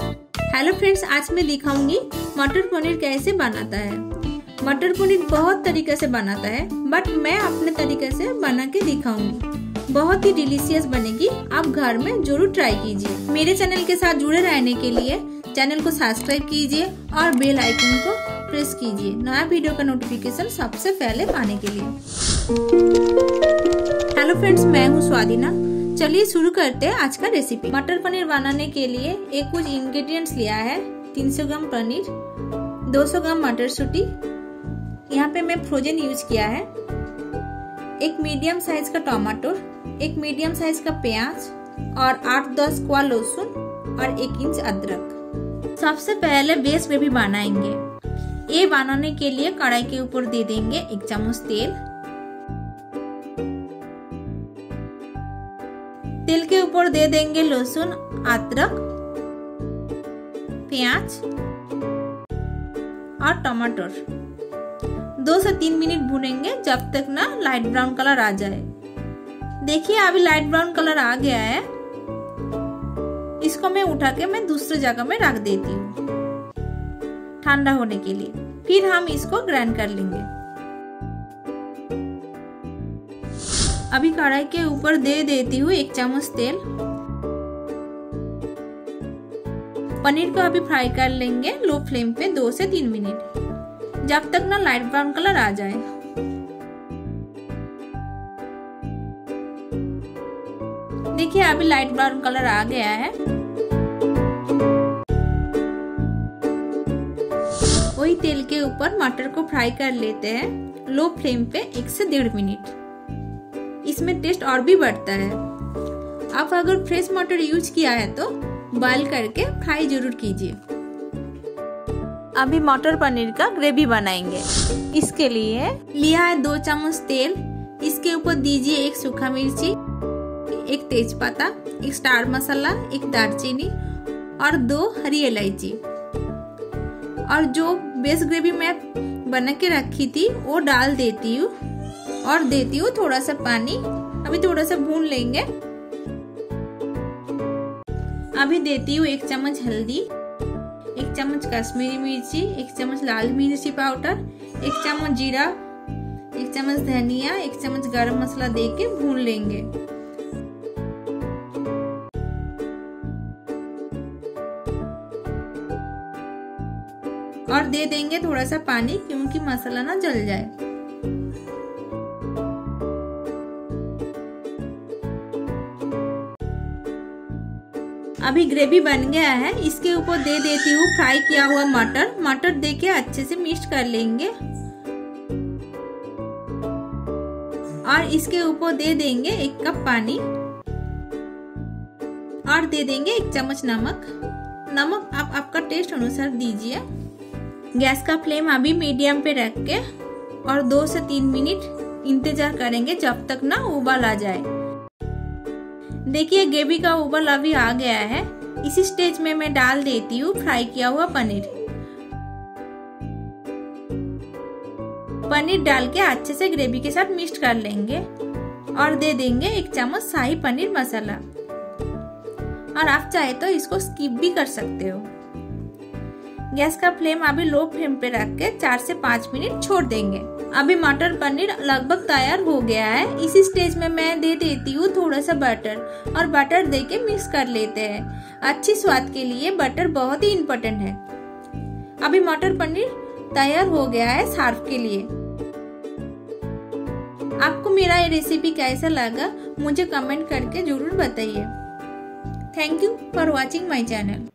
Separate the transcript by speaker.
Speaker 1: hello friends आज मैं दिखाऊंगी मटर पनीर कैसे बनाता है मटर पनीर बहुत तरीके से बनाता है बट मैं अपने तरीके से बना के दिखाऊंगी बहुत ही डिलीशियस बनेगी आप घर में जरूर ट्राई कीजिए मेरे चैनल के साथ जुड़े रहने के लिए चैनल को सब्सक्राइब कीजिए और बेल आइकन को प्रेस कीजिए नया वीडियो का नोटिफिकेशन सबसे पहले पाने के लिए हेलो फ्रेंड्स मैं हूँ स्वादिना चलिए शुरू करते हैं आज का रेसिपी मटर पनीर बनाने के लिए एक कुछ इंग्रेडिएंट्स लिया है 300 ग्राम पनीर 200 ग्राम मटर सूटी यहाँ पे मैं फ्रोजन यूज किया है एक मीडियम साइज का टमाटर एक मीडियम साइज का प्याज और 8-10 क्वा लहसुन और एक इंच अदरक सबसे पहले बेस ग्रेवी बनाएंगे ये बनाने के लिए कढ़ाई के ऊपर दे देंगे एक चम्मच तेल तिल के ऊपर दे देंगे लहसुन अदरक प्याज और टमाटर दो से तीन मिनट भूनेंगे जब तक ना लाइट ब्राउन कलर आ जाए देखिए अभी लाइट ब्राउन कलर आ गया है इसको मैं उठा के मैं दूसरे जगह में रख देती हूँ ठंडा होने के लिए फिर हम इसको ग्राइंड कर लेंगे अभी कढ़ाई के ऊपर दे देती हूँ एक चम्मच तेल पनीर को अभी फ्राई कर लेंगे लो फ्लेम पे दो से तीन मिनट जब तक ना लाइट ब्राउन कलर आ जाए देखिए अभी लाइट ब्राउन कलर आ गया है वही तेल के ऊपर मटर को फ्राई कर लेते हैं लो फ्लेम पे एक से डेढ़ मिनट इसमें टेस्ट और भी बढ़ता है आप अगर फ्रेश मटर यूज किया है तो बॉइल करके फ्राई जरूर कीजिए अभी मटर पनीर का ग्रेवी बनाएंगे इसके लिए लिया है दो चम्मच तेल इसके ऊपर दीजिए एक सूखा मिर्ची एक तेज पत्ता एक स्टार मसाला एक दालचीनी और दो हरी इलायची और जो बेस ग्रेवी मैं बना के रखी थी वो डाल देती हूँ और देती हूँ थोड़ा सा पानी अभी थोड़ा सा भून लेंगे अभी देती हूँ एक चम्मच हल्दी एक चम्मच कश्मीरी मिर्ची एक चम्मच लाल मिर्ची पाउडर एक चम्मच जीरा एक चम्मच धनिया एक चम्मच गरम मसाला दे के भून लेंगे और दे देंगे थोड़ा सा पानी क्योंकि मसाला ना जल जाए अभी ग्रेवी बन गया है इसके ऊपर दे देती हूँ फ्राई किया हुआ मटर मटर दे के अच्छे से मिक्स कर लेंगे और इसके ऊपर दे देंगे एक कप पानी और दे देंगे एक चम्मच नमक नमक आप आपका टेस्ट अनुसार दीजिए गैस का फ्लेम अभी मीडियम पे रख के और दो से तीन मिनट इंतजार करेंगे जब तक ना उबाल आ जाए देखिए ग्रेवी का उबल अभी आ गया है इसी स्टेज में मैं डाल देती हूँ फ्राई किया हुआ पनीर पनीर डाल के अच्छे से ग्रेवी के साथ मिक्स कर लेंगे और दे देंगे एक चम्मच शाही पनीर मसाला और आप चाहे तो इसको स्किप भी कर सकते हो गैस का फ्लेम अभी लो फ्लेम पे रख के चार से पाँच मिनट छोड़ देंगे अभी मटर पनीर लगभग तैयार हो गया है इसी स्टेज में मैं दे देती हूँ थोड़ा सा बटर और बटर दे के मिक्स कर लेते हैं अच्छी स्वाद के लिए बटर बहुत ही इम्पोर्टेंट है अभी मटर पनीर तैयार हो गया है सार्फ के लिए आपको मेरा ये रेसिपी कैसा लगा मुझे कमेंट करके जरूर बताइए thank you for watching my channel